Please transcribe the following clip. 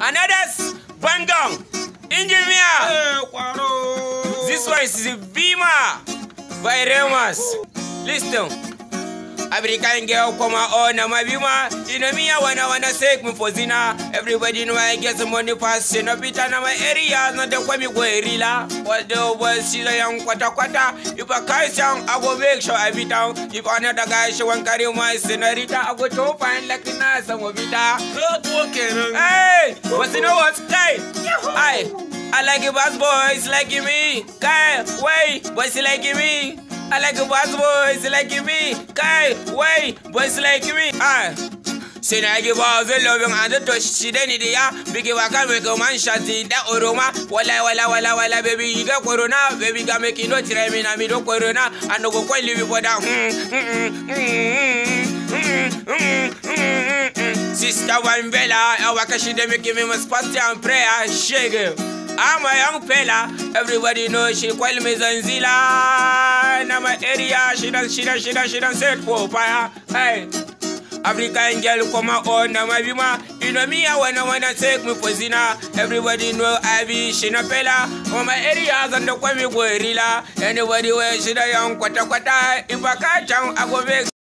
Another's Bandung. Engineer. Eh, this one is Bima by Remus. Listen. African girl come on oh, my bima. You know me, I wanna wanna take me for zina. Everybody know I get some money fast. You know, Peter, now my area is not the way me go rila. What the boys see a young quarter quarter. If I catch down, I go make sure I be down. If another guy show one carry my senorita, I go to find like a nice and we be down. But you know what? Hey, I, I like a bad boys like me. guy. wait, boys like me. I like a bad boys like me. guy. wait, boys like me. I. Sai na gi ba zai lobin a da toshi da ni diya bigi wa ka me kaman shati da oroma wala wala wala wala baby You got corona baby ga me no tire mi na mi do corona and go kwali bi boda hmm hmm hmm, hmm, hmm. Mr. one bella. I work she dey make me must fast and prayer. Shake it. I'm a young fella, everybody knows she call me Zanzila. In my area, she done, she done, she done, she done set for fire. Hey, African girl come on, oh, now my bima. You know me, I wanna wanna take me for zina. Everybody know I be Shina Pella. fella. On my areas and the call gorilla. Anybody where she the young quata quata. If I catch I go back.